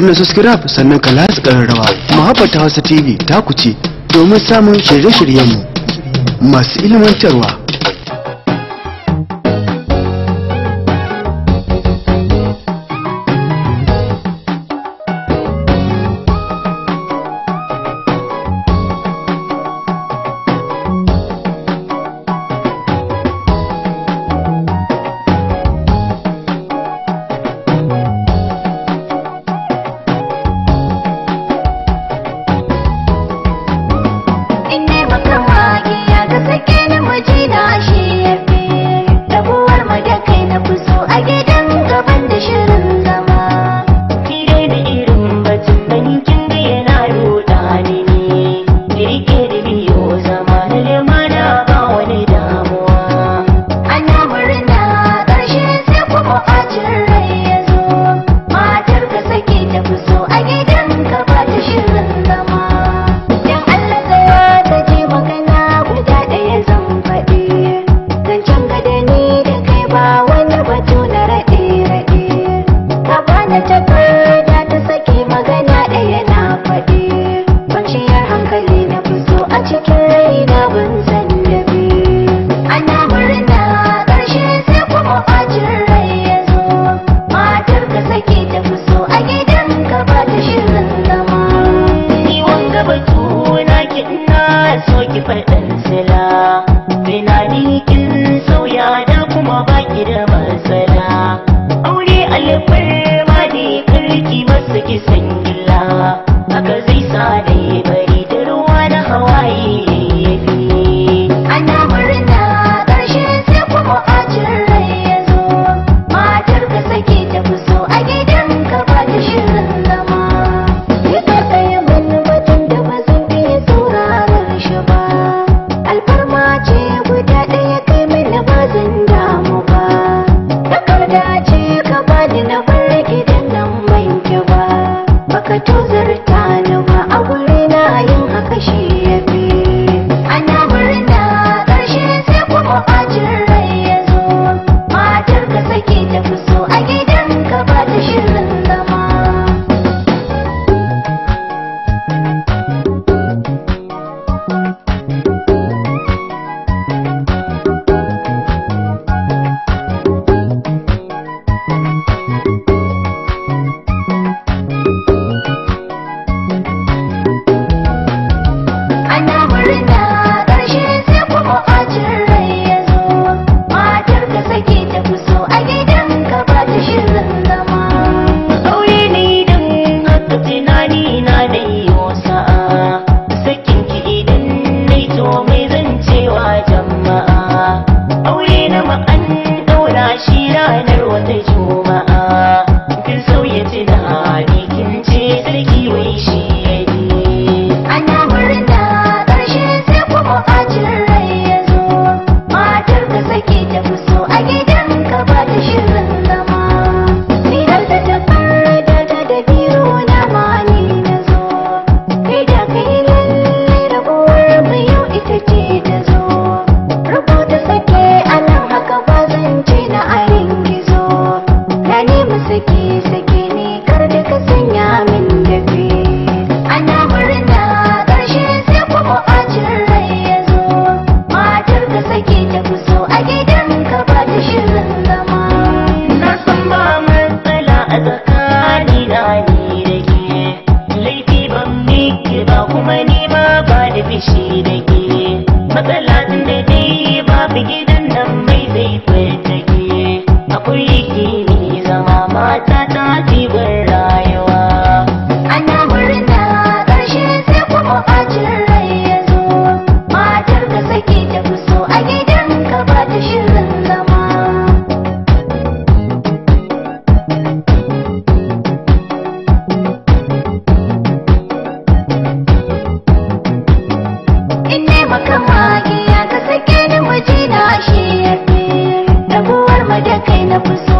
na subscribe sannan ka latsa ƙararrawa mahabbata hausa tv ta kuce domin samun shirye mu masu ilmantarwa alfarma ma ne karki masu kisan ni ma ba da bishi da ke matsala tun da dai babu gidan nan mai zai fata ke a kuri ke ni zama mata ta ce olha